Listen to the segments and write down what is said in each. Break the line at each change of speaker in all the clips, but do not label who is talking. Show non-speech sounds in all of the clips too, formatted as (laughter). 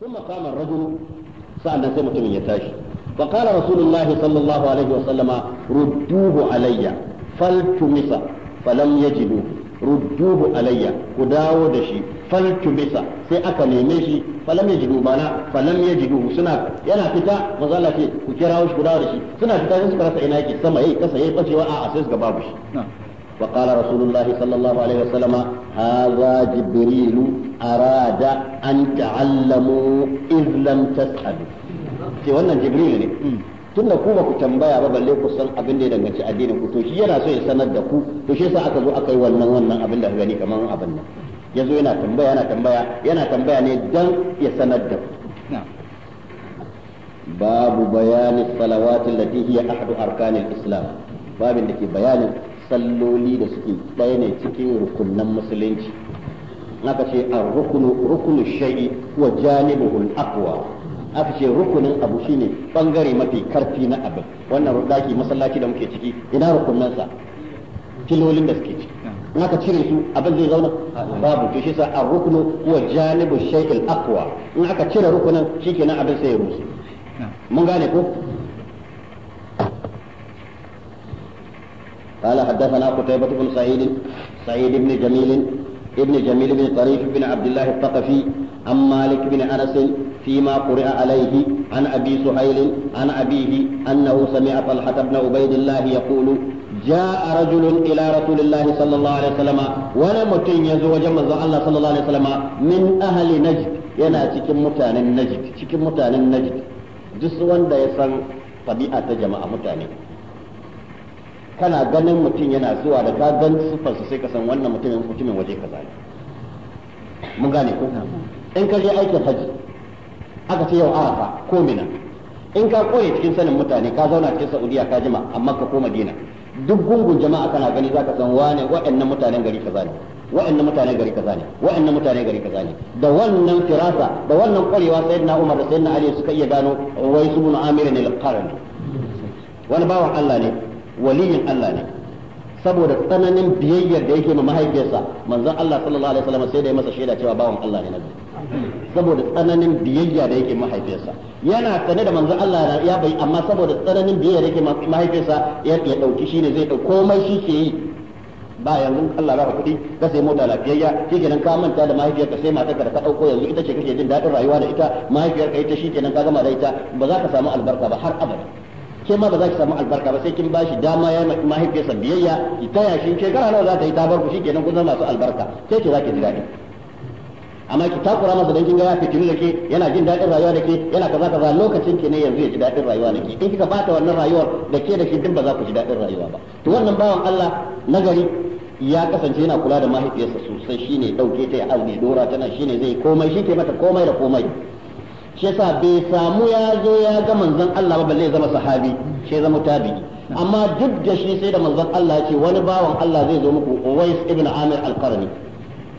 ثم قام الرجل سألنا سيمة من يتاش فقال رسول الله صلى الله عليه وسلم ردوه علي فالتمس فلم يجدوه ردوه علي كداو دشي فالتمس سي أكا نيميشي فلم يجدوا بانا فلم يجدوه سنا ينا فتا مزالة كي كراوش كداو دشي سنا فتا يسكرا سعيناكي سما يي كسا يي قشي وآآ أسيس قبابش نعم وقال رسول الله صلى الله عليه وسلم هذا جبريل أراد أن تعلموا إذ لم تسألوا ce wannan jibril ne tun da ku ba ku tambaya ba balle ku san abin da ya danganci addinin ku to shi yana so ya sanar da ku to shi yasa aka zo aka yi wannan wannan abin da gani kamar abin nan ya zo yana tambaya yana tambaya yana tambaya ne dan ya sanar da ku babu bayanin salawatin lati hiya ahadu arkanil islam babin da ke bayanin salloli da suke ɗaya ne cikin rukunan musulunci aka ce a rukunu shai'i wa janibuhul aqwa aka ce rukunin abu shine bangare mafi karfi na abin wannan rudaki masallaci da muke ciki ina rukunansa filolin da suke ciki in aka cire su abin zai zauna babu to shi sa a rukunu wa janibu shay'il akwa in aka cire rukunin na abin sai ya rusu mun gane ko قال حدثنا قتيبة بن سعيد سعيد بن جميل ابن جميل بن طريف بن عبد الله الثقفي عن مالك بن انس فيما قرئ عليه عن ابي سهيل عن ابيه انه سمع طلحه بن عبيد الله يقول جاء رجل الى رسول الله صلى الله عليه وسلم ولا متين يزو وجه الله صلى الله عليه وسلم من اهل نجد yana cikin mutanen najd cikin mutanen najd duk wanda ya san tabi'a ta jama'a mutane kana ganin mutum yana zuwa da ka gan sufarsa sai ka san wannan mutumin mutumin waje kaza ne mun gane ko in ka je aikin haji aka ce yau arafa ko mina in ka koye cikin sanin mutane ka zauna cikin saudiya ka jima amma ka koma dina duk gungun jama'a kana gani za ka san wane wa'annan mutanen gari kaza ne wa'annan mutanen gari kaza ne wa'annan mutanen gari kaza ne da wannan firasa da wannan kwarewa sayyidina Umar da sayyidina Ali suka iya gano wai su mun amirin al-qarni wani bawan Allah ne waliyin Allah ne saboda tsananin biyayyar da yake ma mahaifiyarsa manzon Allah sallallahu alaihi wasallam sai da ya masa shaida cewa bawan Allah ne nabi saboda tsananin biyayya da yake mahaifiyarsa yana sane da manzon Allah ya bai amma saboda tsananin biyayya da yake mahaifiyarsa ya dauki shine zai dauki komai shi ke yi ba yanzu Allah ba kuɗi ka sai mota lafiyayya kenan ka manta da mahaifiyarka sai matarka da ka dauko yanzu ita ce kake jin daɗin rayuwa da ita mahaifiyarka ita shi kenan ka gama da ita ba za ka samu albarka ba har abada ke ma ba za ki samu albarka ba sai kin bashi dama ya yi mahaifiyarsa biyayya ki taya shi shekara nawa za ta yi ta bar ku shikenan kun zama masu albarka sai ke za ki ji daɗi amma ki takura masa dan kin ga ya fitinu da ke yana jin daɗin rayuwa da ke yana kaza kaza lokacin ke ne yanzu ya ji daɗin rayuwa da ke in kika bata wannan rayuwar da ke da shi din ba za ku ji daɗin rayuwa ba to wannan bawan Allah nagari ya kasance yana kula da mahaifiyarsa sosai shine dauke ta ya aure dora tana shine zai komai shi ke mata komai da komai shi yasa bai samu ya zo ya ga manzon Allah ba balle zama sahabi shi zama tabi'i amma duk da shi sai da manzon Allah ce wani bawan Allah zai zo muku Uwais ibn Amir al-Qarni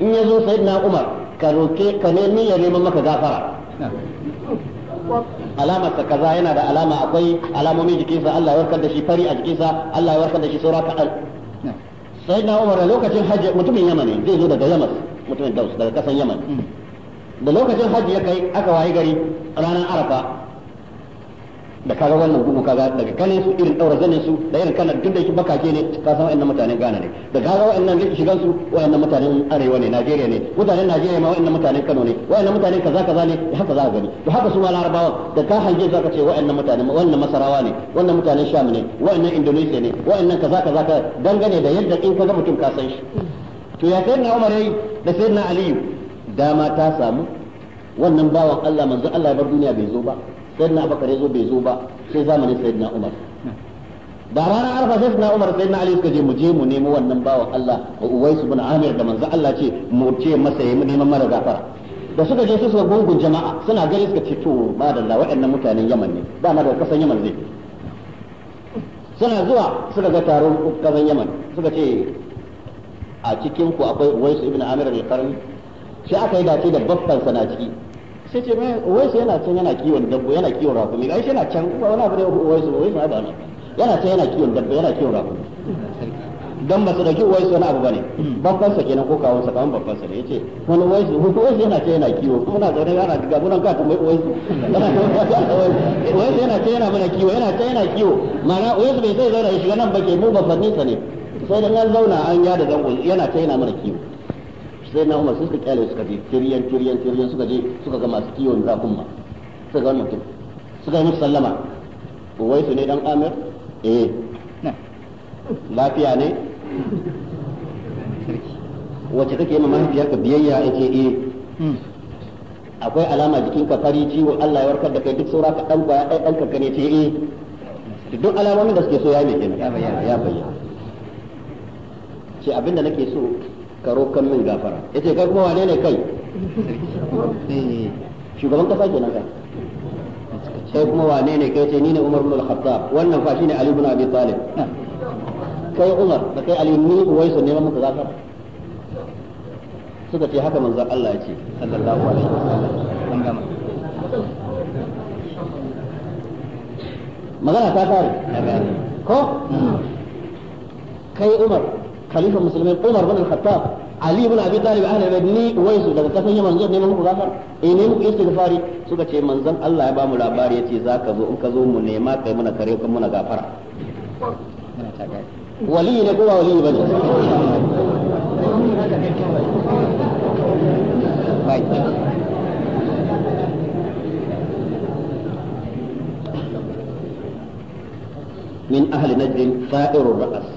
in ya zo sayyidina Umar ka roke ka nemi ya neman maka gafara alamar sa kaza yana da alama akwai alamomin jikinsa Allah ya warkar da shi fari a jikinsa Allah ya warkar da shi saura kaɗan sayyidina Umar a lokacin hajji mutumin Yaman ne zai zo daga Yaman mutumin Daus daga kasan Yaman mm. da lokacin hajji ya kai aka waye gari ranar arafa da kaga wannan gugu kaga daga kane su irin daura zanen su da irin kana duk da yake bakake ne ka san wa'annan mutanen Ghana ne da kaga wa'annan da shigan su wa'annan mutanen arewa ne Najeriya ne mutanen Najeriya ma wa'annan mutanen Kano ne wa'annan mutanen kaza kaza ne haka za ka gani to haka su ma Larabawa da ka hanje za ce wa'annan mutanen wannan Masarawa ne wannan mutanen Sham ne wa'annan Indonesia ne wa'annan kaza kaza ka dangane da yadda in kaga mutum ka san shi to ya sayyidina Umar yayi da sayyidina Aliyu dama ta samu wannan bawan Allah manzo Allah ya bar duniya bai zo ba sayyidina Abubakar ya zo bai zo ba sai zamanin sayyidina Umar da ranar arfa sai na umar sai na ali suka je mu je mu nemi wannan bawan Allah uwais ibn amir da manzo Allah ce mu ce masa yayi neman mara gafara da suka je su suka gungun jama'a suna gani suka ce to madalla waɗannan mutanen Yaman ne ba ma da kasan Yaman zai suna zuwa suka ga taron kasan Yaman suka ce a cikin ku akwai uwais ibn amir al-qarni sai aka yi dace da babban sana ciki sai ce wai sai yana can yana kiwon dabbo yana kiwon rafuni ai yana can wani abu ne wai su wai ba ne yana can yana kiwon dabbo yana kiwon rafuni dan ba su dauki wai sai wani abu bane babban sa kenan ko kawo sa kawun babban sa ne yace wani wai sai wai sai yana can yana kiwo kuma na zaune yana ga mun ka kuma wai sai wai sai yana can yana mana kiwo yana can yana kiwo ma'ana wai sai bai sai zauna shi shiga nan ba ke mu babban sa ne sai dan an zauna an ya da zango yana can yana mana kiwo sai na umar sai suka kyale suka je tiriyan tiriyan tiriyan suka je suka ga masu kiwon zakuma suka ga wannan mutum suka yi musu sallama wai su ne dan amir eh lafiya ne wacce kake ma mahaifiyarka biyayya ya ce eh akwai alama jikin ka fari ciwo Allah ya warkar da kai duk saura ka dan kwaya dan ne ce eh duk alamomin da suke so ya ne kenan ya bayyana ce abinda nake so ka kan min gafara yace kai kuma wane ne kai eh, shugaban kasa nan kai kai kuma wane ne kai ce ni ne Umar ibn al-Khattab wannan fa shine Ali ibn Abi Talib kai Umar da kai Ali ni Uwaisu ne muka gafara suka ce haka manzon Allah ya ce sallallahu alaihi wasallam magana ta kare ko kai Umar خليفة المسلمين عمر بن الخطاب علي بن أبي طالب أهل بني ويس إذا تفهم منزل نيم مغافر إنهم استغفاري سوكا منزل الله يبقى ملابار يتي ذاك ذو أمكذو منيما كيمنا كريو كمنا غافر ولي نقوى ولي بني طيب. من أهل نجد فائر الرأس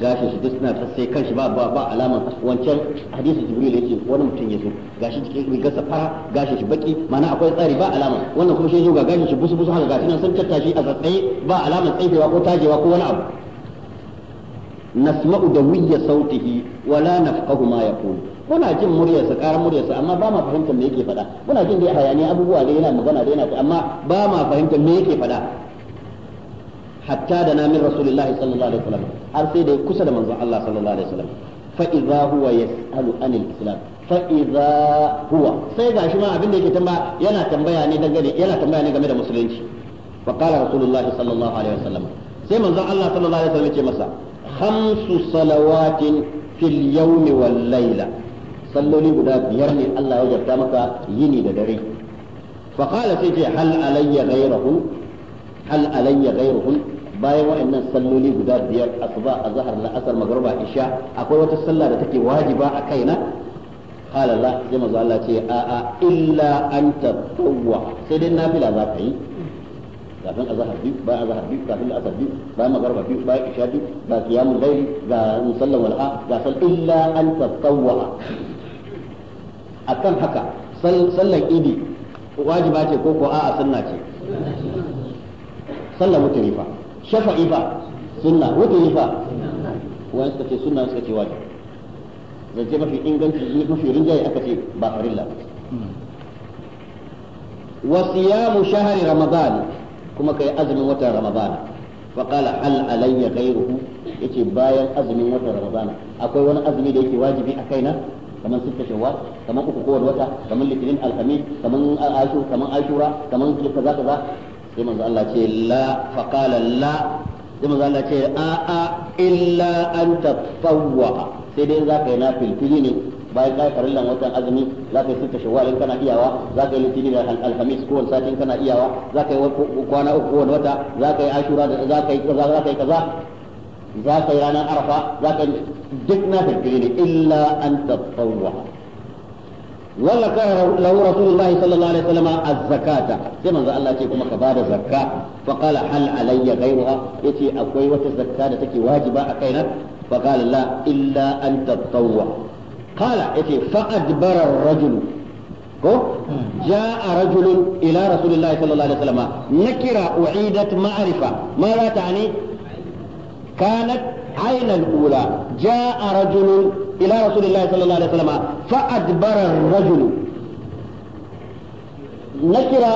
gashin shi duk suna ta sai kanshi ba ba ba alaman wancan hadisi jibril yace wani mutum yazo gashi cikin rigarsa fara gashin shi baki mana akwai tsari ba alama wannan kuma shi zo ga gashin shi busu busu haka gashi nan san tattashi a tsaye ba alaman tsaifewa ko tajewa ko wani abu nasma'u da wiyya sautihi wala nafqahu ma yaqul muna jin muryarsa karar muryarsa amma ba ma fahimtar me yake faɗa muna jin dai hayaniya abubuwa dai yana magana da yana amma ba ma fahimtar me yake faɗa hatta da namin rasulullahi sallallahu alaihi wasallam har sai da kusa da manzon Allah sallallahu alaihi wasallam fa idza huwa yasalu anil islam fa idza huwa sai gashi ma abin da yake tamba yana tambaya ne dangane yana tambaya ne game da musulunci fa qala rasulullahi sallallahu alaihi wasallam sai manzon Allah sallallahu alaihi wasallam ya ce masa khamsu salawatin fil yawmi wal layla salloli guda biyar ne Allah ya jarta maka yini da dare fa qala sai ce hal alayya ghayruhu hal alayya ghayruhu bayan wa'annan salloli guda biyar asuba azhar la'asar magruba isha akwai wata sallah da take wajiba a kaina qala la sai manzo Allah ce a a illa an tatawwa sai dai nafila za ka yi kafin azhar biyu bayan azhar biyu kafin asar biyu bayan magruba biyu bayan isha biyu ga qiyamul layl ga musallan wal'a ga sal illa an tatawwa akan haka sallan idi wajiba ce ko ko a'a sunna ce sallar mutane fa shafa'i fa sunna wuturi fa wani suka ce sunna suka ce wajibi zance mafi inganci mafi rinjaye aka ce ba farilla wa siyamu shahri ramadan kuma kai azumin watan ramadan fa qala hal alayya ghayruhu yace bayan azumin watan ramadan akwai wani azumi da yake wajibi a kaina kamar sitta shawwal kamar uku kowane wata kamar litinin alhamis kamar ashu kamar ashura kamar kaza kaza sai manzo Allah ce la fa qala la sai manzo Allah ce a a illa an tatawwa sai dai za ka yi na filfili ne bayan kai lan watan azumi za ka yi sita shawwal kana iyawa za ka yi litini da alhamis ko wani satin kana iyawa za ka yi kwana uku ko wani wata za ka yi ashura da za ka yi kaza za ka yi kaza za ka yi ranar arafa za ka yi duk na filfili ne illa an tatawwa wallaka lahu rasulullahi sallallahu alaihi wasallam az-zakata sai manzo Allah ce kuma ka bada zakka fa qala hal alayya ghayruha yace akwai wata zakka da take wajiba a kaina fa qala la illa an tatawwa qala yace fa adbara ar-rajul ko jaa rajul ila rasulillahi sallallahu alaihi wasallam nakira u'idat ma'rifa ma la ta'ni kanat ayna al-ula jaa rajul ila rasulillahi sallallahu alaihi wasallam fa adbara ar-rajul na kira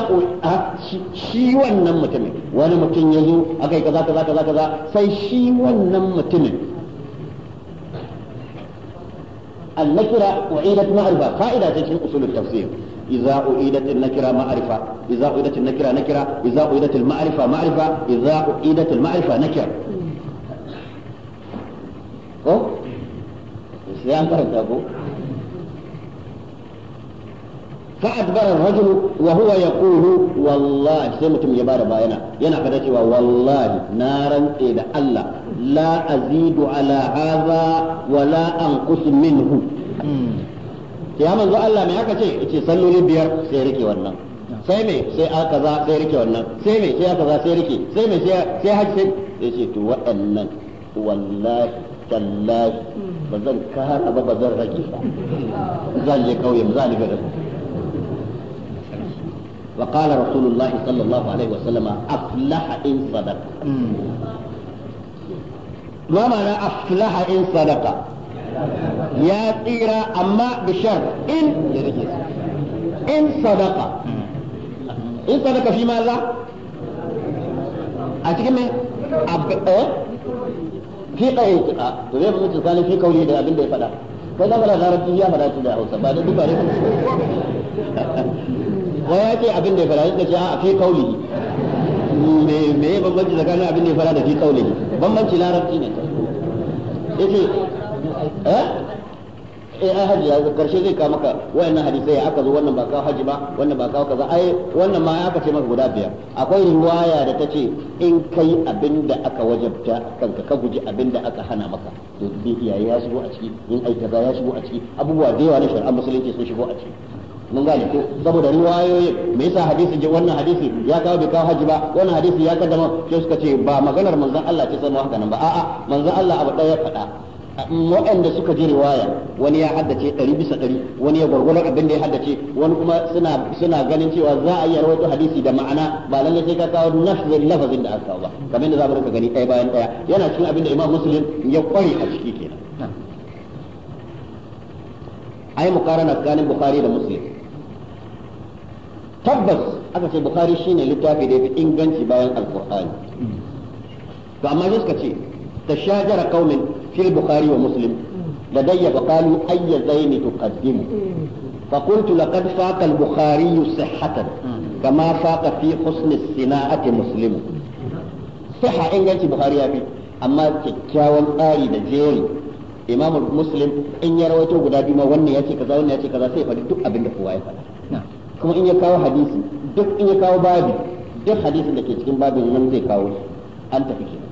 shi wannan mutumin wani mutum ya zo aka yi kaza kaza kaza kaza sai shi wannan mutumin النكرة أعيدت معرفة قاعدة في أصول التفسير إذا أعيدت النكرة معرفة إذا أعيدت النكرة نكرة إذا أعيدت المعرفة معرفة إذا أعيدت المعرفة نكرة sai an karanta ko فأدبر الرجل وهو يقول والله sai mutum ya bada bayana yana fada cewa wallahi na rantse da Allah la a ala hadha wa la anqus minhu hmm. ya manzo Allah me aka ce yace salloli biyar sai rike wannan sai me sai aka za sai rike wannan sai me sai aka za sai rike sai me sai sai hajji sai yace to waɗannan wallahi talla ba zan kara ba ba zan ya tsira amma fiqa in kiɗa to zai fi tsakanin fi kauli da abin da ya faɗa ko na fara larabci ya faɗa da Hausa ba da duba ne wa ya ce abin da ya faɗa yadda ce a fi kauli me me bambanci tsakanin abin da ya faɗa da fi kauli bambanci larabci ne ta
yace eh
eh ai haji ya karshe zai ka maka wayannan hadisai ya aka zo wannan ba kawo haji ba wannan ba kawo kaza ai wannan ma aka ce maka guda biyar akwai riwaya da ta ce in kai abin da aka wajabta kanka ka guji abin da aka hana maka to bi iyaye ya shigo a ciki in ai kaza ya shigo a ciki abubuwa da yawa na shar'an musulunci sun shigo a ciki mun gane ko saboda riwayoyi me yasa hadisi je wannan hadisi ya kawo bai kawo haji ba wannan hadisi ya kaddama sai suka ce ba maganar manzon Allah ce sai haka nan ba a'a manzon Allah abu daya faɗa waɗanda suka je riwaya wani ya haddace ɗari bisa ɗari wani ya gwargwaron abin da ya haddace wani kuma suna suna ganin cewa za a iya rawaito hadisi da ma'ana ba lallai sai ka kawo nafsin lafazin da aka kawo ba kamar da za mu rinka gani ɗaya bayan ɗaya yana cikin abin da imam muslim ya kware a ciki kenan ai mukarana tsakanin bukhari da muslim tabbas aka ce bukhari shine littafi da yafi inganci bayan alqur'ani to amma suka ce تشاجر قوم في البخاري ومسلم لدي فقالوا أي زين تقدم فقلت لقد فاق البخاري صحة كما فاق في حسن الصناعة مسلم صحة إن جلت بخاري أبي أما تكاوى قاري دجيري إمام مسلم إن يرويته قد أبي ما وني يأتي كذا وني يأتي كذا سيفا لتك أبن دفوا يفعل كما إن يكاوى حديثي duk in ya kawo babi duk hadisin da ke cikin babin nan zai kawo an tafi kenan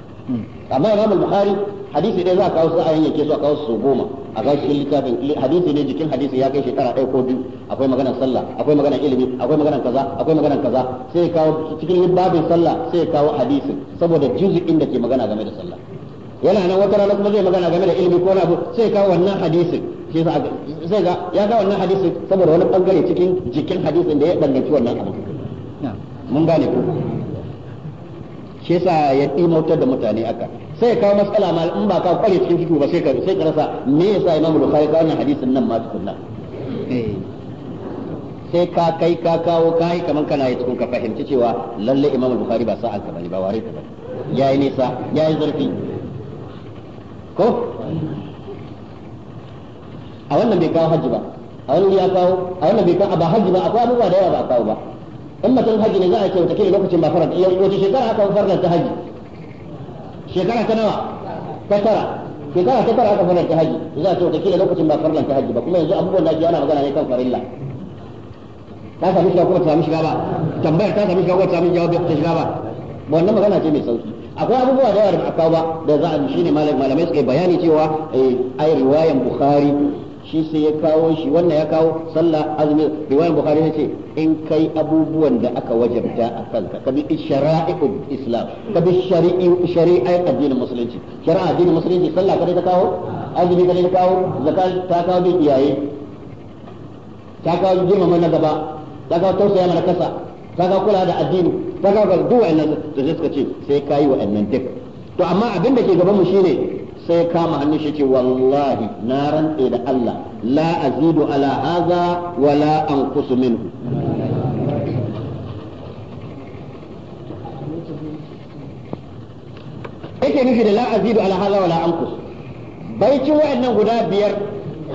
amma imam al-bukhari hadisi dai za a kawo su a yanke su a kawo su goma a kawo cikin littafin hadisi ne jikin hadisi ya kai shekara ɗaya ko biyu akwai maganar sallah akwai maganar ilimi akwai maganar kaza akwai maganar kaza sai kawo cikin babin sallah sai kawo hadisin saboda juzuin da ke magana game da sallah yana nan wata rana kuma zai magana game da ilimi ko na abu sai kawo wannan hadisin shi sai ga ya ga wannan hadisin saboda wani bangare cikin jikin hadisin da ya danganci wannan abu mun gane ku. shi yasa ya imautar da mutane aka sai kawo matsala ma in ba ka kware cikin fiqh ba sai ka sai ka rasa me yasa Imam Bukhari ka wannan hadisin nan ma tukunna eh. sai ka kai ka kawo kai kamar kana yi cikin ka fahimci cewa lalle Imam Bukhari ba sa'an ka bane ba ware ka bane yayi nisa yayi zurfi ko a wannan bai kawo hajji ba a wannan ya kawo a wannan bai kawo ba hajji ba akwai abubuwa da yawa ba kawo ba in mutum haji ne za a kyauta kai lokacin ba faranta wata shekara aka faranta haji shekara ta nawa ta tara shekara ta tara aka faranta haji za a kyauta kai lokacin ba ta haji ba kuma yanzu abubuwan da ake ana magana ne kan farilla ta sami shiga kuma ta sami shiga ba tambayar ta sami shiga kuma ta sami jawabi ta shiga ba wannan magana ce mai sauki akwai abubuwa da yawa da aka ba da za a shi ne malamai suka bayani cewa eh, ai riwayan bukhari shi sai ya kawo shi wannan ya kawo sallah azumi riwayar bukhari ne ce in kai abubuwan da aka wajabta a kanka kabi shara'i'ul islam kabi shari'in shari'ai addinin musulunci shari'a addinin musulunci sallah kada ta kawo azumi kada ta kawo zakat ta kawo bin iyaye ta kawo girmama na gaba ta kawo tausaya mana kasa ta kawo kula da addini ta kawo duk wa'annan to sai suka ce sai kayi wa'annan duk to amma abin da ke gaban mu shine sai kama hannu shi ce wallahi na rantse da Allah la azidu ala haza wala la anqusu minhu yake nufi da la azidu ala haza wala la anqus baicin wa'annan guda biyar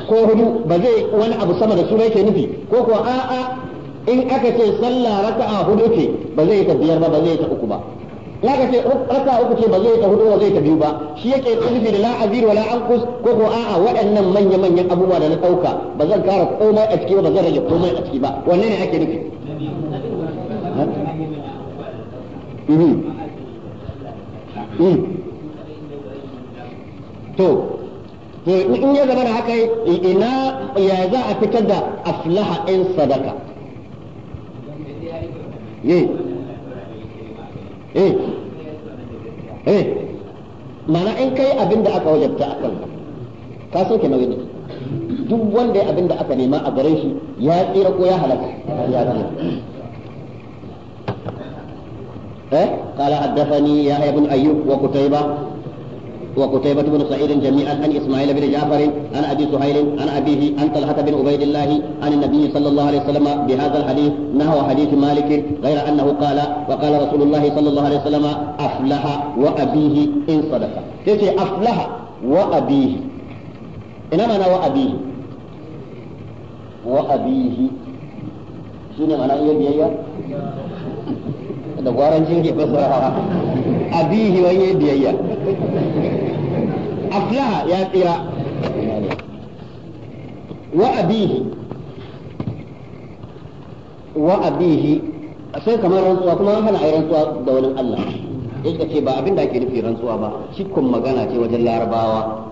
ko hudu ba zai wani abu sama da su ba yake nufi ko kuwa a'a in aka ce sallah raka'a hudu ce ba zai ta biyar ba ba zai ta uku ba ya ka ce raka uku ce ba zai ta hudu ba zai ta biyu ba shi yake nufi da la'azir wala anqus ko ko a'a waɗannan manya manyan abubuwa da na ɗauka ba zan kara komai a ciki ba ba zan rage komai a ciki ba wanne ne ake nufi hmm. Hmm. to in ya zama da haka ina ya za a fitar da aflaha in sadaka
eh, eh.
kai abin da aka wajabta a kan ka san ke mai duk wanda ya abin da aka nema a gare shi ya tsira ko ya halaka ya tsira eh qala haddathani ya ibn ayyub wa kutayba wa kutayba ibn sa'id jami'an an isma'il bin ja'far an abi suhayl an abihi an talha bin ubaydillah an nabiy sallallahu alaihi wasallam bi hadha al hadith nahwa hadith malik ghayra annahu qala wa qala sallallahu alaihi wasallam aflaha wa abihi in sadaqa sai ce aflaha wa abihi ina mana wa abihi wa abihi shi ne mana iya biyayya da gwarancin ke fasara wa iya biyayya aflaha ya tsira wa abihi wa abihi sai kamar rantsuwa kuma an hana a yi rantsuwa da wani Allah suka ce ba abin da ake nufi rantsuwa ba cikin magana ce wajen larabawa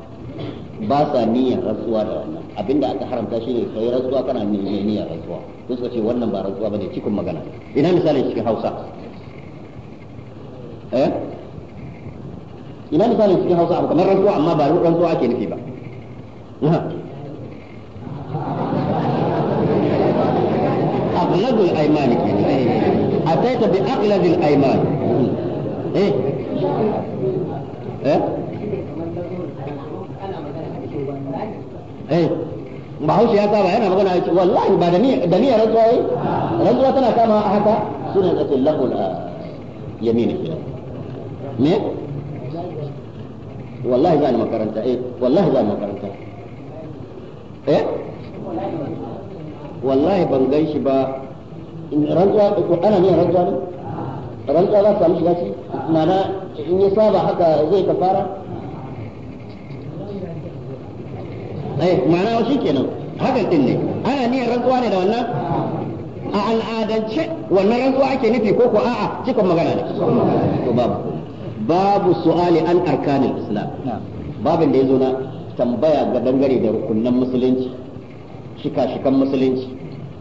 ba sa niyyar rantsuwa da wannan abin da aka haramta shi ne kai rantsuwa kana niyyar niyan rantsuwa to suka ce wannan ba rantsuwa bane cikin magana ina misalin cikin Hausa eh ina misalin cikin Hausa abu kamar rantsuwa amma ba rantsuwa ake nufi ba أغلب الأيمان أتيت بأغلب الأيمان eh eh
eh ya saba yana magana yake wallahi ba da ni da ni rantsuwa yi rantsuwa
tana kama haka sunan da tillahu yamini me wallahi za ni makaranta eh wallahi za ni makaranta eh wallahi ban gan shi ba rantsuwa ana ne rantsuwa ne rantsuwa za ta samu shiga ci mana in ya saba haka zai fara ai eh, mana wasu kenan haka din ne ana niyyar rantsuwa ne da wannan a al'adance wannan rantsuwa ake nufi ko ko a'a cikin magana ne to babu babu su'ali an arkanin islam babin da ya zo na tambaya ga dangare da rukunan musulunci shika-shikan musulunci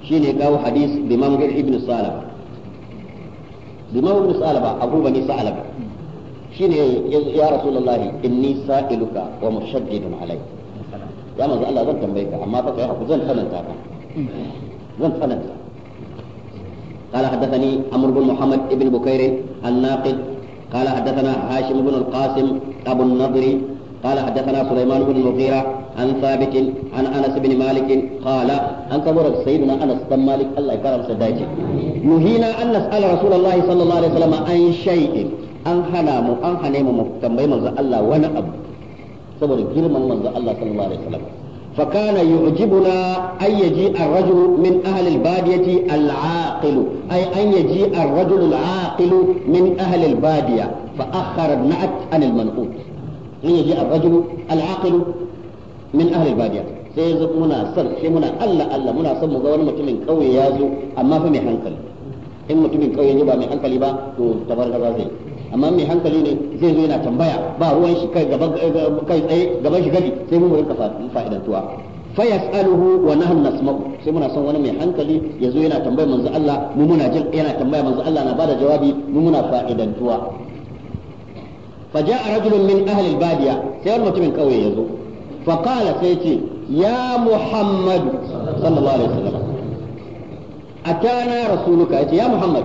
shine kawo hadis da imam ibn salah بمو مسألبا أبو بني سألبا شنو يا رسول الله إني سائلك ومشدد عليك يا مزا الله زن تنبيك أما فك يا رب زن فلن تابا زن فلن قال حدثني عمرو بن محمد بن بكير الناقد قال حدثنا هاشم بن القاسم أبو النضري قال حدثنا سليمان بن المغيره عن ثابت عن انس بن مالك قال ان كبر سيدنا انس بن مالك الله يكرم سدايته نهينا ان نسال رسول الله صلى الله عليه وسلم عن شيء an hana mu an hane mu tambayi manzo Allah wani abu saboda girman manzo Allah sallallahu alaihi wasallam fa kana yu'jibuna ay yaji ar min ahli al-badiyati an yaji ar-rajulu min ahli al-badiya an yaji min ahlil badiya sai yanzu muna son sai muna Allah Allah muna son mu ga wani mutumin kauye ya zo amma fa mai hankali in mutumin kauye ne ba mai hankali ba to tabargaza zai amma mai hankali ne zai zo yana tambaya ba ruwan shi kai gaban kai tsaye gaban shi gadi sai mu rinka fa'idantuwa fa yas'aluhu wa nahnu nasma'u sai muna son wani mai hankali ya zo yana tambaya manzo Allah mu muna jin yana tambaya manzo Allah na bada jawabi mu muna fa'idantuwa فجاء رجل من sai wani mutumin kauye ya zo. فقال سيتي يا محمد صلى الله عليه وسلم أتانا رسولك أتي يا محمد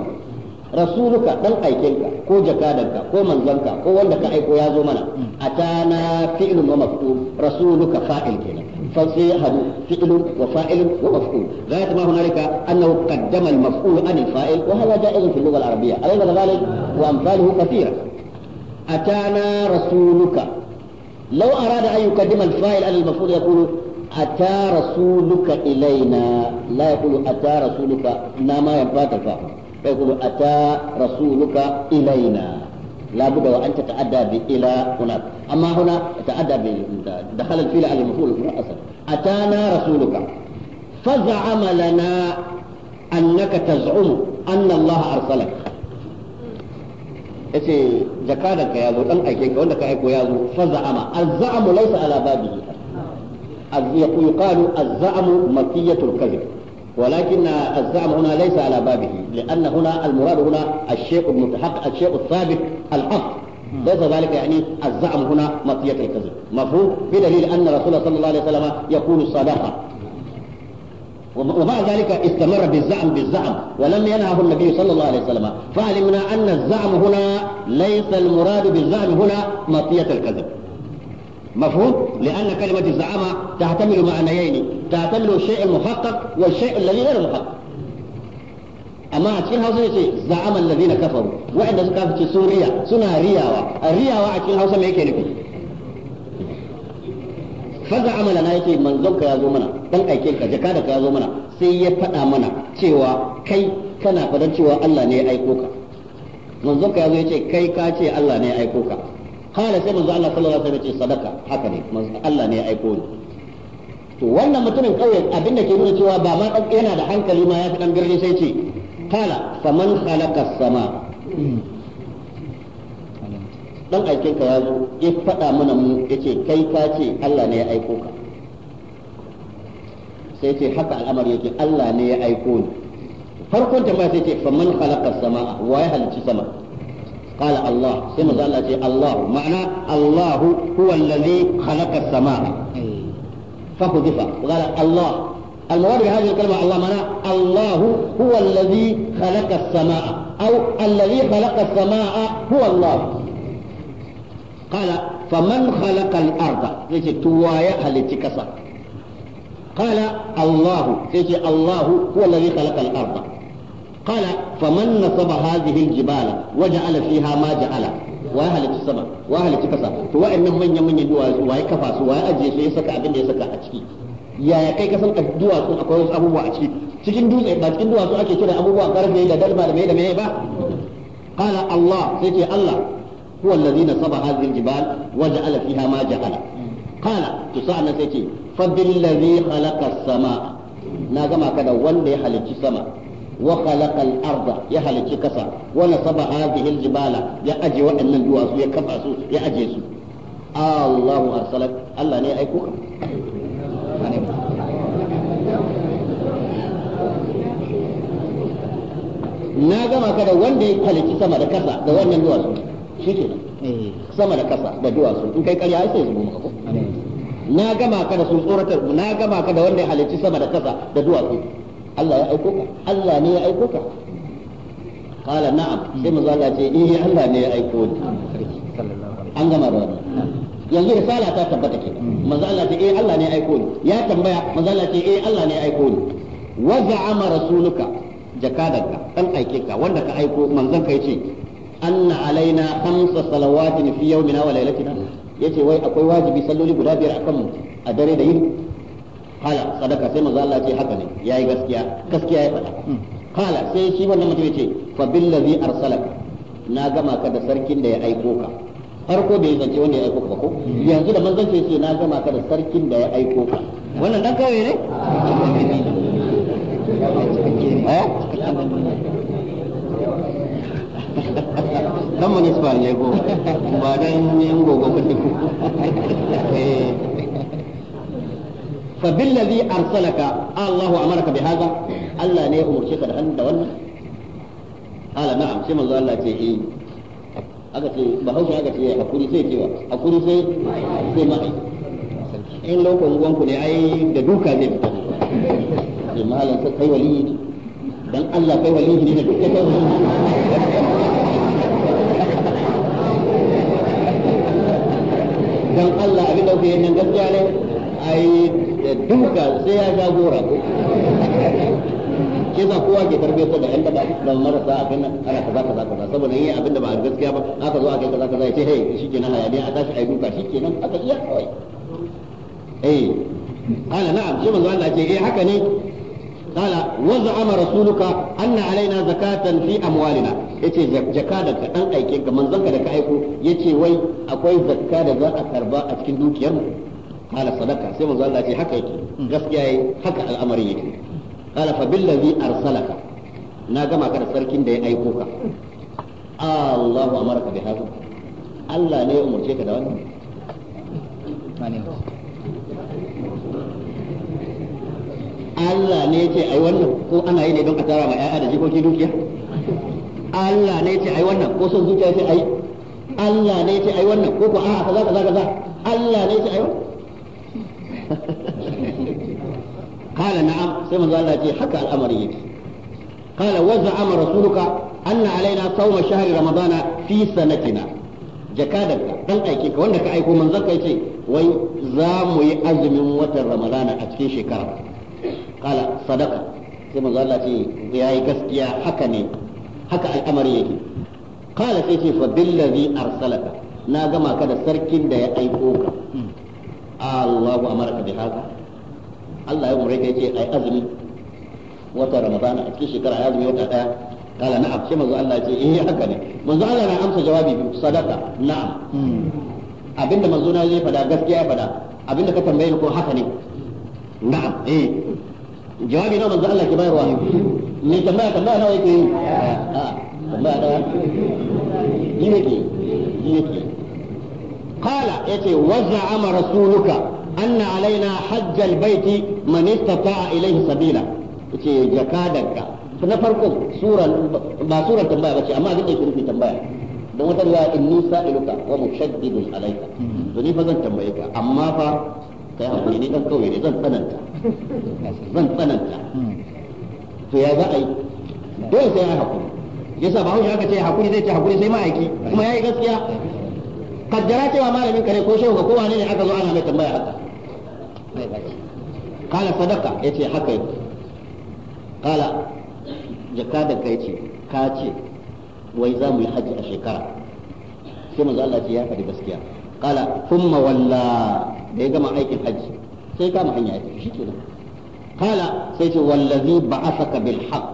رسولك دل أيكينك كو جكادنك كو منزلك كو وندك أيكو يا زمنا أتانا فعل ومفعول رسولك فاعل كينا فصيحه فعل وفاعل ومفعول غاية ما هنالك أنه قدم المفعول عن الفاعل وهذا جائز في اللغة العربية أليس كذلك وأمثاله كثيرة أتانا رسولك لو أراد أن يقدم الفاعل على المفعول يقول أتى رسولك إلينا لا يقول أتى رسولك ما ينفاك الفاعل فيقول أتى رسولك إلينا لا بد وأن تتعدى بإلى هناك أما هنا تعدى دخل الفيل على المفعول رأسا أتانا رسولك فزعم لنا أنك تزعم أن الله أرسلك yace jakadan ka yazo dan aike ka wanda ka aiko yazo fa za'ama az laysa ala babihi يقال الزعم مكية الكذب ولكن الزعم هنا ليس على بابه لأن هنا المراد هنا الشيء المتحقق الشيء الثابت الحق ليس ذلك يعني الزعم هنا مطية الكذب مفهوم بدليل أن رسول صلى الله عليه وسلم يقول الصداقة ومع ذلك استمر بالزعم بالزعم ولم ينهه النبي صلى الله عليه وسلم فعلمنا أن الزعم هنا ليس المراد بالزعم هنا مطية الكذب مفهوم؟ لأن كلمة الزعامة تحتمل معنيين تحتمل الشيء المحقق والشيء الذي غير المحقق أما a cikin hausa زعم الذين كفروا lazina kafaru waɗanda suka رياوة الرياوة suna riyawa a riyawa faga amala na yake manzon ka ya zo mana dan aike ka jaka da ka ya zo mana sai ya faɗa mana cewa kai kana fadan cewa Allah ne ya aiko ka manzon ka ya zo yace kai ka ce Allah ne ya aiko ka kana sai manzon Allah sallallahu alaihi wasallam ya ce sadaka haka ne manzon Allah ne ya aiko ni to wannan mutumin kauye abinda ke nuna cewa ba ma yana da hankali ma ya fi dan birni sai ce kala faman khalaqas sama dan aikin ka ya zo ya faɗa mana mu yace kai ka ce Allah ne ya aiko ka sai ce haka al'amari yake Allah ne ya aiko ni farkon tambaya sai ce faman khalaqa samaa wa ya halicci sama قال Allah ثم قال الله Allah الله هو الذي خلق السماء فحذف وقال Allah المراد بهذه الكلمة الله معناه الله هو الذي خلق السماء أو الذي خلق السماء هو الله قال فمن خلق الأرض يجي توايا هل تكسر قال الله يجي الله هو الذي خلق الأرض قال فمن نصب هذه الجبال وجعل فيها ما جعل waye halitta sama waye halitta kasa to wa'annan manyan manyan duwatsu waye kafa su waye ajiye su ya saka abin ya saka a ciki yaya kai duwatsu abubuwa a cikin dutse ba cikin duwatsu ake kira abubuwa karfe da dalma da mai da mai ba qala Allah sai ce Allah هو الذي نصب هذه الجبال وجعل فيها ما جعل قال تسعنا سيتي فبالذي خلق السماء ناغما كذا وند يحلج السماء وخلق الأرض يحلج كسا ونصب هذه الجبال يا أجي وأن الجواس يا كفاسو يا أجي سو آه الله أرسلك الله ني أيكوك na gama ka da wanda ya halicci sama da kasa da wannan duwatsu shikenan eh. sama da kasa da duwatsu in kai ƙarya sai su maka na gama ka da sun tsoratar na gama ka da wanda ya halicci sama da kasa da duwatsu Allah ya aiko ka Allah ne ya aiko ka qala na'am sai manzo Allah ce eh Allah ne ya aiko ni an gama da wannan yanzu risala ta tabbata ke hmm. manzo Allah ce eh Allah ne ya aiko ni ya tambaya manzo Allah ce eh Allah ne ya aiko ni wa za'ama rasuluka jakadanka dan aike ka wanda ka aiko manzon ka ce. أن alaina خمس صلوات في يومنا wa lailatina yace wai akwai wajibi salloli guda biyar akan mu a dare da yini kala sadaka sai manzo Allah قسكيا ce haka ne قال gaskiya gaskiya ya faɗa hmm. kala sai shi wannan mutum yace fa da ya farko bai zance wanda ya aiko ka ko hmm. yanzu da manzanci ce na gama ka da sarkin da ya aiko ka wannan dan kawai ne (laughs) eh dan municipal ne ko ba dan yin gogo ba duk eh. fa billazi arsalaka Allah amaraka bi hada Allah ne umurce ka da hannu da wannan ala na'am sai manzo Allah ce eh aka ce ba hausa aka ce hakuri sai cewa hakuri sai sai mai in lokacin gwanku ne ai da duka zai fita sai malam sai kai wali dan Allah kai wali ne da duka dan Allah abin da kuke yin nan gaskiya ne ai duka sai ya gora ko kisa kowa ke tarbiyyar da yan daba da marasa abin nan ana kaza kaza kaza saboda yin abin da ba gaskiya ba aka zo aka kaza kaza ya ce hey shikenan hayaniya a tashi ai duka shikenan aka iya kawai eh ana na'am shi manzo Allah ce eh haka ne قال وزعم رسولك أن علينا زكاة في أموالنا yace jaka da ka dan aike ka manzon ka da ka aiko yace wai akwai zakka da za a karba a cikin dukiyar mu qala sadaka sai manzon Allah ya ce haka yake gaskiya yayi haka al'amarin yake kala fa billazi arsalaka na gama ka da sarkin da ya aiko ka Allahu amarka bi haka Allah ne ya umurce ka da wannan Allah ne ya ce ai wannan ko ana yi ne don a tara ma ƴaƴa da jikoki dukiya Allah ne ya ce ai wannan ko son zuciya ce ai Allah ne ya ce ai wannan ko ko a'a kaza kaza kaza Allah ne ya ce ai قال نعم سيما قال لك حكى الأمر يجي قال وزعم رسولك أن علينا صوم شهر رمضان في سنتنا jakadarka dan aike ka wanda ka aiko manzon ka yace wai za mu yi azumin watan ramadana a cikin shekara qala sadaqa sai manzo Allah ce yayi gaskiya haka ne haka al'amari yake qala sai ce fa billazi arsalaka na gama ka da sarkin da ya aiko ka Allahu amarka bi haka Allah ya umare ka ai azumi wata ramadana a cikin shekara azumi wata daya kala na'am sai manzo Allah ce haka ne Allah na amsa jawabi sadaka abinda na zai fada gaskiya ya fada abinda ka tambaye ko haka ne na'am eh jawabi na manzo Allah ke bayarwa ne tambaya tambaya nawa yake yi tambaya da yi ne ke yi ne ke qala yace amara rasuluka anna alaina hajjal baiti man istata'a ilayhi sabila yace jakadanka na farko sura ba sura tambaya bace amma abin yi yake nufi tambaya don wata riwaya inni sa'iluka wa mushaddidun alayka to ni fa zan tambaye ka amma fa kai hakuri ne dan kauye ne zan tsananta zan tsananta to ya za a yi dole sai ya hakuri yasa ba hausa aka ce hakuri zai ce hakuri sai ma'aiki kuma ya yi gaskiya kaddara cewa malamin kare ko shehu ko kowa ne aka zo ana mai tambaya haka kala sadaka ya ce haka yi kala jaka da kai ce ka ce wai za mu yi haji a shekara sai manzo Allah ce ya faɗi gaskiya qala thumma walla da ya gama aikin hajji sai kama hanya ya tafi shikenan qala sai ce wallazi ba'athaka bil haqq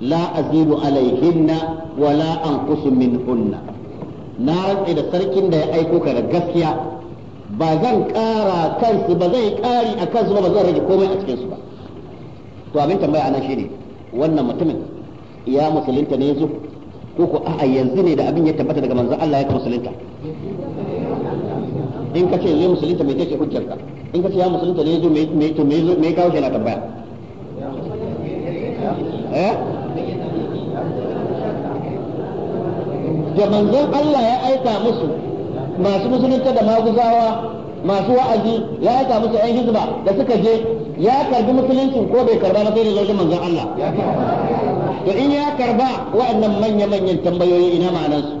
la azidu alaihinna wa la anqusu minhunna na rantsi da sarkin da ya aiko ka da gaskiya ba zan ƙara kansu ba zai ƙari a kansu ba ba zan rage komai a cikinsu ba to abin tambaya anan shine wannan mutumin ya musulunta ne yanzu ko yanzu ne da abin ya tabbata daga manzon Allah ya musulunta in ka ce zai musulunta mai tace hujjarka in ka ce ya musulunta ne zo mai to mai zo mai kawo shi na tambaya eh da manzon Allah ya aika musu masu musulunta da maguzawa masu wa'azi ya aika musu ɗan hizba da suka je ya karbi musuluncin ko bai karba ba sai da manzon Allah to in ya karba wa'annan manya-manyan tambayoyi ina ma'anarsu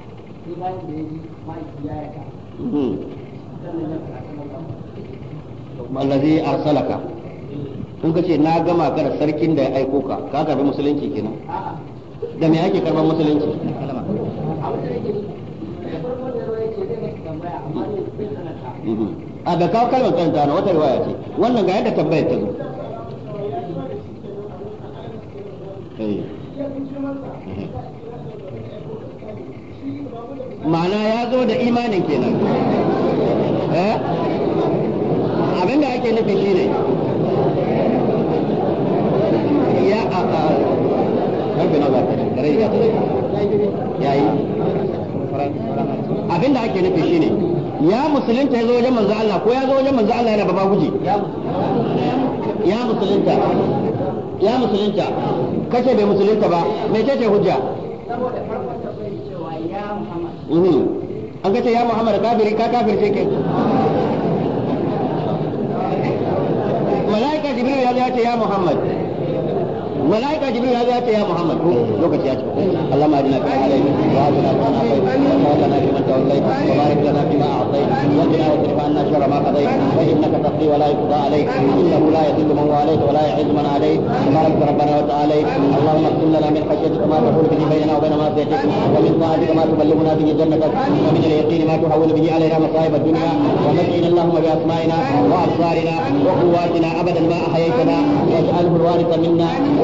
shi a salaka. ya hmm. in ka ce na gama kada sarkin da ya aiko ka ka karbi musulunci kenan
da me ake karban musulunci mhm. a da kawo kalmar kanta na wata riwaya ce wannan ga yadda tambayar ta zo
ma'ana ya zo da imanin kenan eh? abin da ake nufi shine ya a a na zafi ya abin da ake nufi shine ya musulunta ya zo wajen manzo Allah ko ya zo wajen manzo Allah yana baba guji ya musulunta ya musulunta kace bai musulunta ba me ce hujja an kace ya Muhammad kafiri ka kafirce ke malaika jibril ya ce ya Muhammad ملائكة جبريل هذا يا محمد يا شاشة اللهم أجنا فيما عليك وأجنا فيما أعطيت وأجنا فيما توليت وبارك لنا فيما أعطيت وقنا واصرف عنا شر ما قضيت فإنك تقضي ولا يقضى عليك إنه لا يذل من واليت ولا يعز من عليك تبارك ربنا وتعالى اللهم اقسم لنا من خشيتك ما تحول به بيننا وبين معصيتك ومن طاعتك ما تبلغنا به جنتك ومن اليقين ما تحول به علينا مصائب الدنيا ومتعنا اللهم بأسمائنا وأبصارنا وقواتنا أبدا ما أحييتنا واجعله الوارث منا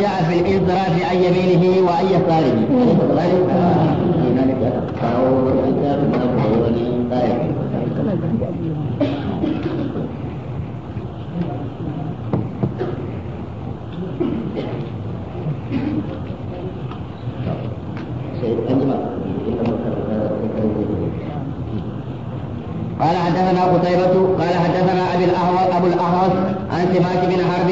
جاء في الانصراف عن يمينه وعن يساره قال حدثنا قتيبة قال حدثنا أبي الأهوص أبو الأهوص عن سماك بن حرب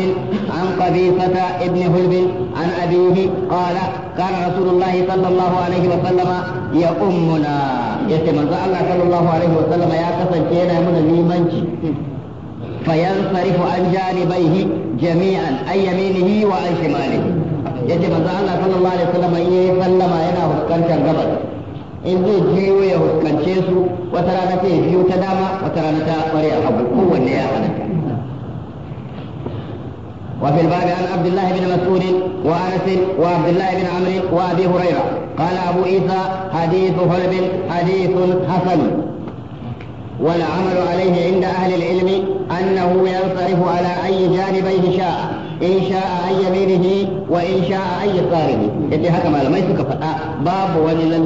عن قبيصة بن هلب عن أبيه قال كان رسول الله صلى الله عليه وسلم يؤمنا يتمنى الله صلى الله عليه وسلم يا كسن كينا من ليمنجي فينصرف عن جانبيه جميعا عن يمينه وعن شماله yace manzo Allah sallallahu alaihi wasallam in yayi sallama yana fuskantar in zai jiyo ya fuskance su wata rana ta ya ta dama wata rana ta kware a abu kowanne ya halatta وفي الباب عن عبد الله بن مسعود وانس وعبد الله بن عمرو وابي هريره قال ابو عيسى حديث حلب حديث حسن والعمل عليه عند أهل العلم أنه ينصرف على أي جانبيه شاء إن شاء عن يمينه وإن شاء عن يساره إذا هكا ما لم يسكف فتاة باب وللي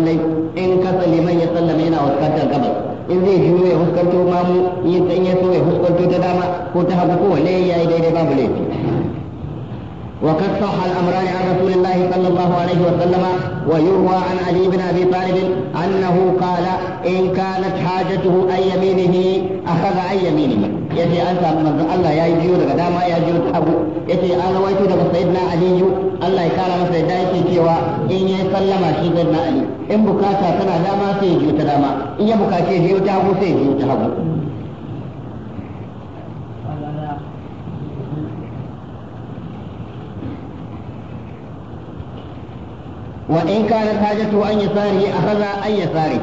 إن كسل من يسلم منا وسكت القبر in zai juyo ya fuskanto mamu in ya so ya fuskanto ta dama ko ta hagu ko wanne ya yi daidai babu laifi وقد صح الامران عن رسول الله صلى الله عليه وسلم ويروى عن علي بن ابي طالب انه قال ان كانت حاجته عن يمينه اخذ عن يمينه yace an samu manzon Allah ya yi biyu daga dama ya biyo ta hagu yace an rawaito daga sayyidina aliyu Allah ya kara masa yadda yake cewa in ya sallama shi sayyidina ali in bukata tana dama sai ya biyo ta dama in ya ta hagu ta hagu وإن كانت حاجته أن يساره أخذ أن يساره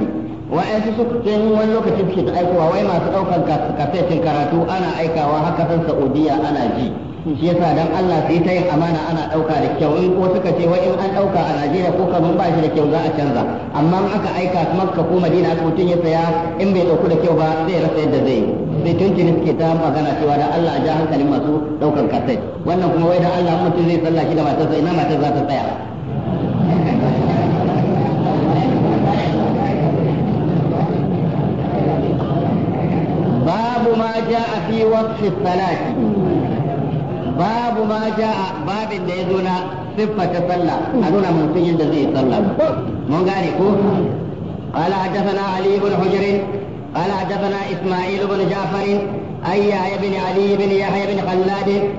وإن sukan wani lokaci suke ta aikowa wai masu ɗaukar kafetin karatu ana aikawa أنا جي shi yasa dan Allah sai ta yin amana ana ɗauka da kyau in ko suka ce wai in an dauka a Najeriya ko ka ba shi da kyau za a canza amma in aka aika Makka ko Madina ko mutum ya saya in bai dauku da kyau ba zai rasa yadda zai sai tuntuni suke ta magana cewa da Allah ja hankalin masu ɗaukar kafet wannan kuma wai dan Allah mutum zai sallaki da matarsa ina matar za ta tsaya جاء في وصف الصلاة باب ما جاء باب da صفه zo na من sallah الذي صلى mutum قال zai قال حدثنا علي بن حجر قال حدثنا اسماعيل بن جعفر اي بن علي بن يحيى بن خلاد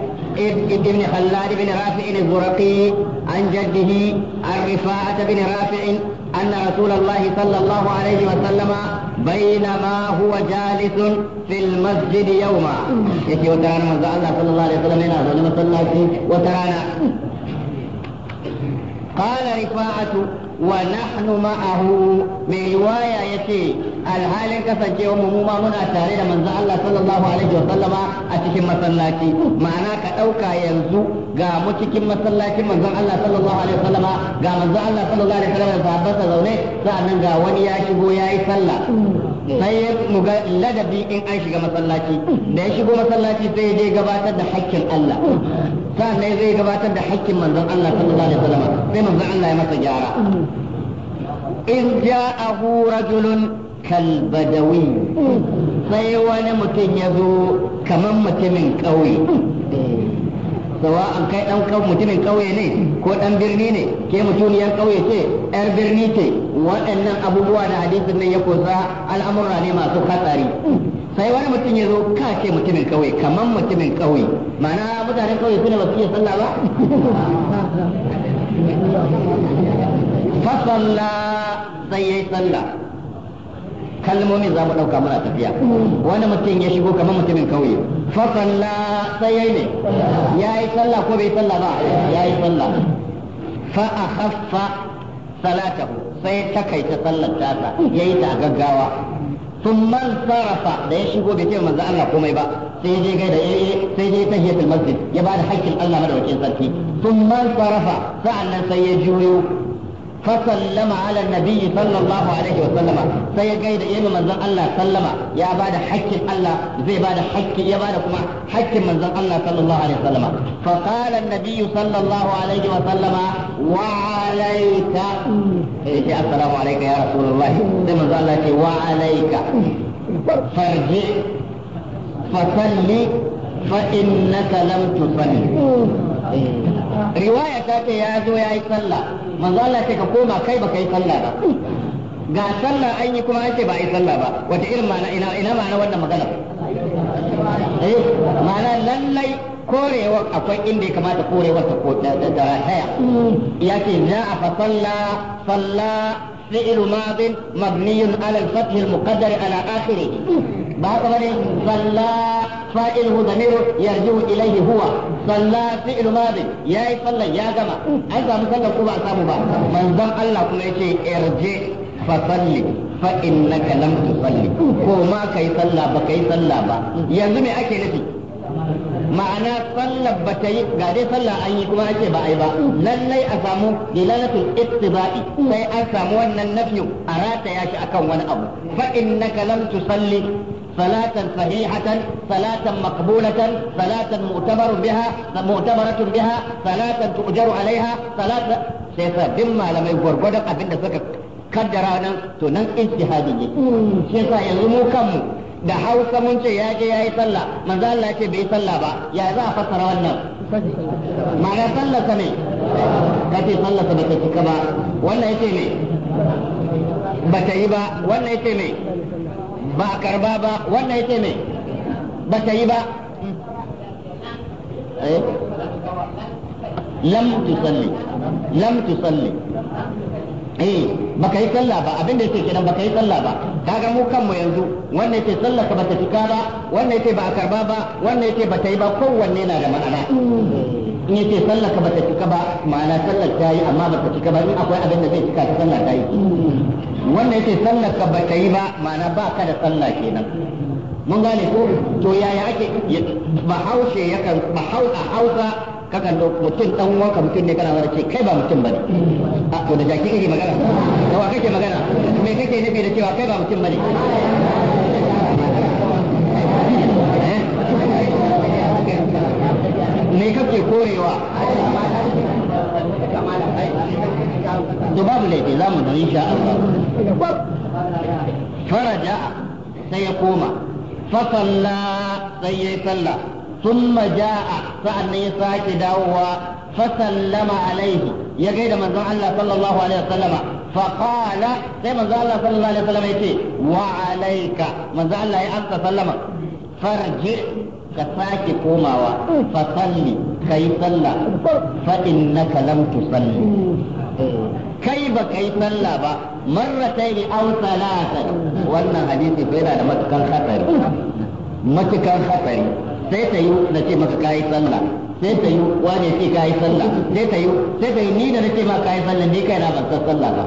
ابن خلاد بن رافع الزرقي عن جده عن رفاعة بن رافع أن رسول الله صلى الله عليه وسلم بينما هو جالس في المسجد يوما يتي وترانا من الله صلى الله عليه وسلم هنا ظلم صلى وترانا قال رفاعة wa nahnu ma'ahu mai riwaya ce alhalin kasancewa mu ma muna tare da manzon Allah sallallahu alaihi wa sallama a cikin masallaci ma'ana ka dauka yanzu ga mu cikin masallacin manzon Allah sallallahu alaihi wa sallama ga manzon Allah sallallahu alaihi wa sallama da sahabbansa zaune sa'annan ga wani ya shigo yayi sallah sai mu ga ladabi in an shiga masallaci da ya shigo masallaci sai dai gabatar da hakkin Allah sannan zai gabatar da hakkin manzon Allah sallallahu alaihi wasallam sai manzon Allah ya masa gyara in ja'ahu rajulun badawi sai wani mutum ya zo kamar mutumin ƙauye Sawa an kai dan mutumin kauye ne ko dan birni ne ke mutuniyar kauye ce yar birni ce waɗannan abubuwa da hadisin nan ya kosa al'amurra ne masu hatsari sai wani mutum ya zo ka mutumin kauye kamar mutumin kauye mana mutanen kauye suna ba su iya sallah ba fasalla sai yayi sallah kalmomin za mu ɗauka muna tafiya wani mutum ya shigo kamar mutumin kauye fasalla sai yayi ne ya yi sallah ko bai sallah ba ya yi sallah fa a haffa salatahu sai takaita sallar tasa ya yi ta a gaggawa sun man sarrafa da ya shigo bai ce manzo Allah komai ba sai dai gaida eh, eh, sai dai tahiyatul masjid ya ba da haƙƙin Allah madaukakin sarki sun man sarrafa sa'annan sai ya juyo فسلم على النبي صلى الله عليه وسلم sai ya gaida irin manzon Allah sallama ya bada hakkin Allah zai bada hakki kuma hakkin manzon Allah sallallahu alaihi wasallama fa qala an-nabiy sallallahu alaihi wasallama wa alayka sai assalamu alayka ya rasulullahi sai manzon Allah ce riwaya ta ce ya zo yayi sallah manzo Allah ce ka koma kai baka yi sallah ba ga sallah an yi kuma an ce ba yi sallah ba wata irin ma'ana ina ina ma'ana wannan magana eh ma'ana lallai korewa akwai inda ya kamata korewar ta ko da haya yake za a fa sallah sallah fi'lu madin mabniyun ala al-fath al-muqaddar ala akhirih باقبل صلى فاعله ضمير يرجع إليه هو صلى فعل ماضي ba. صلى يا جماعة أنت مثلا كوبا سامبا من ذم الله كل شيء ارجع فصلي فإنك لم تصلي كوما كي صلى بكي صلى با يزمي أكي نفي ma'ana sallar ba ta yi ga dai sallah an yi kuma ake ba a yi ba lallai a samu dilalatul ittiba'i sai an samu wannan nafiyu a rataya shi akan wani abu fa innaka lam tusalli صلاة صحيحة صلاة مقبولة صلاة مؤتبر بها مؤتبرة بها صلاة تؤجر عليها صلاة شيخا بما لم يقول غدق أبن سكك kaddara nan to nan ijtihadi ne shi yasa yanzu mu kanmu da hausa mun ce ya je yayi sallah manzo Allah ya ce bai sallah ba ya za a fassara wannan ma'ana sallah ne kace sallah sa bata cika ba wannan yi ba wannan ba a karba ba wannan yace ne, ba ta yi ba eh?
Lamtu salli, eh ba ka yi
sallah ba abinda da yake kenan ka yi sallah ba kaga mu kanmu yanzu wannan yake sallah ka ba ta fika ba wannan yake ba a karba ba wannan yake ta yi ba kowanne na da ma'ana in yace sallar ka bata cika ba ma'ana sallar ta yi amma bata cika ba in akwai abin da zai cika ta sallar ta yi wannan yace sallar ka bata yi ba ma'ana ba ka da sallah kenan mun gane ko to yaya ake bahaushe yakan bahausa hausa kakan da mutum ɗan wanka mutum ne kana wani ce kai ba mutum ba ne a to da jaki kake magana da wa kake magana me kake nufi da cewa kai ba mutum ba ne ake korewa to babu laifi za mu nan insha Allah faraja sai ya koma fa salla sai ya salla thumma jaa sa'an ya sake dawowa fa sallama alaihi ya gaida manzon Allah sallallahu alaihi wasallama fa qala sai manzon Allah sallallahu alaihi wasallama yace wa alayka manzon Allah ya sallama farji ka sake komawa fa salli kai sallah fa innaka lam tusalli kai ba kai sallah ba marratayn aw thalathan wannan hadisi bai yana da matukan hatsari matukan hatsari sai ta yi na ce maka kai sallah sai ta yi wane ce kai sallah sai ta yi sai ta yi ni da na ce ma kai sallah ni kai na ban sallah ba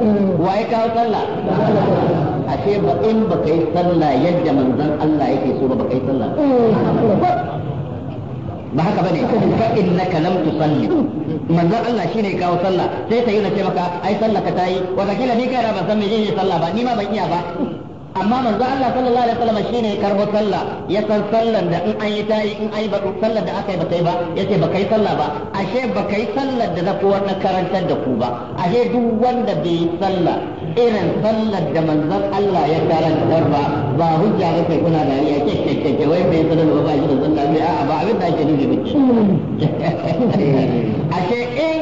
wai kawo sallah ashe ba in ba kai sallah yadda manzon Allah yake so ba ba kai sallah ba haka bane fa innaka lam tusalli manzon Allah shine kawo sallah sai ta yi na ce maka ai sallah ka tayi wata kila ni kai ba san me yake sallah ba ni ma ban iya ba amma manzo Allah sallallahu alaihi wasallam shine ya karbo sallah ya san sallan da in an yi ta in ai ba sallar da aka yi ba kai ba yace ba kai sallah ba ashe ba kai sallar da zaku wannan karantar da ku ba ashe duk wanda bai sallah irin sallar da manzon Allah ya karantar ba ba hujja ba kai kuna dariya ke ke ke ke wai bai sallar ba ba shi da sallah bai a'a ba abin da ake nufi ba (laughs) (laughs) ashe in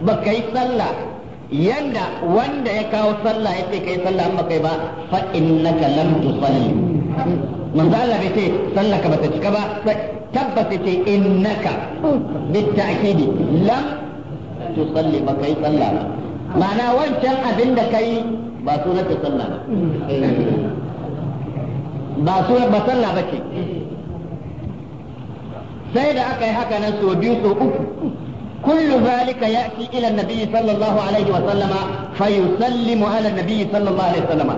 ba kai sallah yanda wanda ya kawo sallah yake kai sallah amma kai ba fa innaka lam tusalli manzo Allah bai ce sallah ka bata cika ba tabbata ce innaka ta'kidi lam tusalli ba kai sallah ba ma'ana wancan abin da kai ba sunanta sallah ba ba sunan ba sallah ba ce sai da aka yi haka nan so biyu so uku كل ذلك يأتي إلى النبي صلى الله عليه وسلم فيسلم على النبي صلى الله عليه وسلم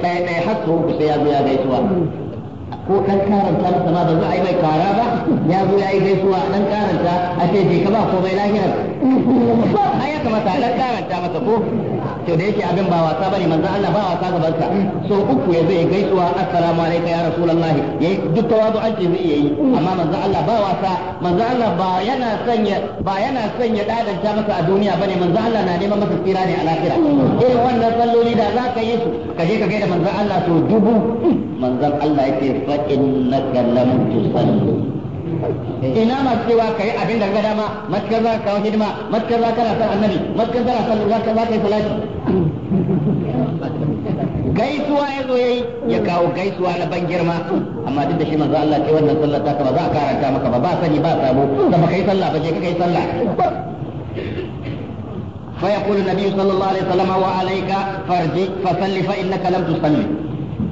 sai ya gaisuwa ko kan karanta masa ma ba za a yi mai kara ba ya zo ya yi gaisuwa dan karanta a ce je ka ba komai lahirar ai ya kamata dan karanta masa ko to da yake abin ba wasa bane manzon Allah ba wasa gaban sa so uku ya zai gaisuwa assalamu alayka ya rasulullahi yayi duk tawazu an ce zai yayi amma manzon Allah ba wasa manzon Allah ba yana sanya ba yana sanya dadanta masa a duniya bane manzon Allah na neman masa tsira ne a lahira irin wannan salloli da za ka yi su ka je ka gaida manzon Allah to dubu manzon Allah yake fa innaka lam tusalli ina ma cewa kai abin da ga dama matkar za ka kawo hidima matkar za kana san annabi matkar za ka za ka yi salati gaisuwa ya zo yayi ya kawo gaisuwa na ban girma amma duk da shi manzo Allah ce wannan sallar ta ba za a karanta maka ba ba sani ba sabo da ka yi sallah ba je ka kai sallah فيقول النبي صلى الله عليه وسلم وعليك فرج فصل فإنك لم تصلي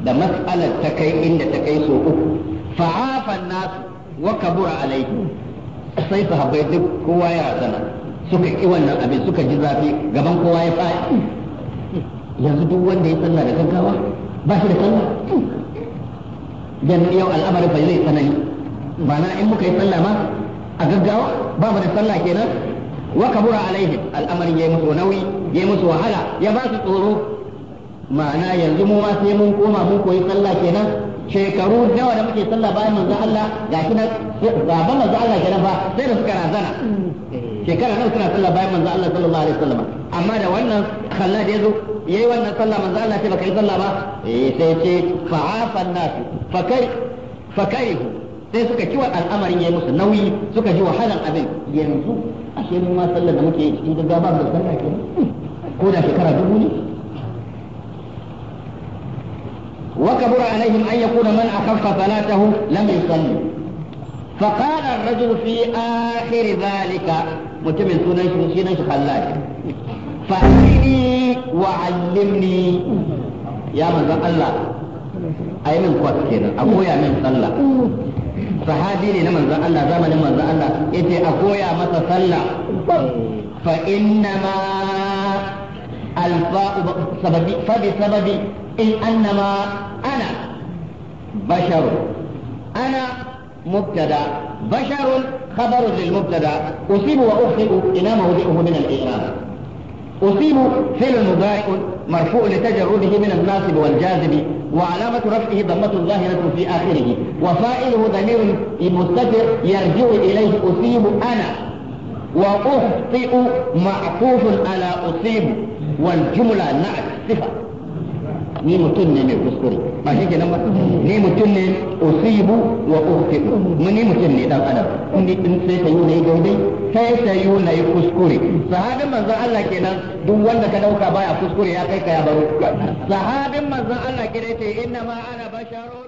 ده مسألة تكي إن تكي سوء فعاف الناس Waka bura alaihi sai su sahabbai duk kowa ya sana suka ki wannan abin suka ji zafi gaban kowa ya faɗi yanzu duk wanda ya sallah da gaggawa ba shi da sallah dan yau al'amari fa zai tsanani ba na in muka yi sallah ma a gaggawa ba mu da sallah kenan wa kabura alaihim al'amari yayi musu nauyi yayi musu wahala ya ba su tsoro ma'ana yanzu mu ma sai mun koma mun koyi sallah kenan shekaru nawa da muke sallah bayan manzo Allah ga shi na baban manzo Allah kenan fa sai da suka razana shekara nawa suna sallah bayan manzo Allah sallallahu alaihi wasallam amma da wannan khallad yazo yayi wannan sallah manzo Allah ce baka yi sallah ba eh sai ce fa an-nas fa kai fa kaihu sai suka kiwa al'amarin yayi musu nauyi suka ji wahalan abin yanzu ashe mu ma sallar da muke cikin gaggawa da sallah kenan فكبر عليهم أن يكون من أخف صلاته لم يصلي فقال الرجل في آخر ذلك متمن سنن سنن خلاج فأرني وعلمني يا من الله أي من قوة كده أبويا من صلى sahabi ne na manzon Allah zamanin manzon Allah yace a koya masa sallah fa inna ma alfa sababi fa bi sababi in annama أنا بشر أنا مبتدا بشر خبر للمبتدا أصيب وأخطئ إلى موضعه من الإعراب أصيب فعل مضايق مرفوع لتجرده من الناصب والجاذب وعلامة رفعه ضمة ظاهرة في آخره وفائله ضمير مستتر يرجع إليه أصيب أنا وأخطئ معطوف على أصيب والجملة نعت صفة ni mutum ne mai kuskure ba shi kenan ba ni mutum ne usibu wa ukhtibu mun ni mutum ne dan adam in din sai ta yi daidai sai ta yi na kuskure sahabin manzon Allah kenan duk wanda ka dauka baya kuskure ya kai ka ya baro sahabin manzon Allah kenan yace inna ma ana
basharo?